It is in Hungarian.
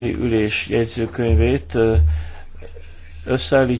ülés jegyzőkönyvét összeállítjuk.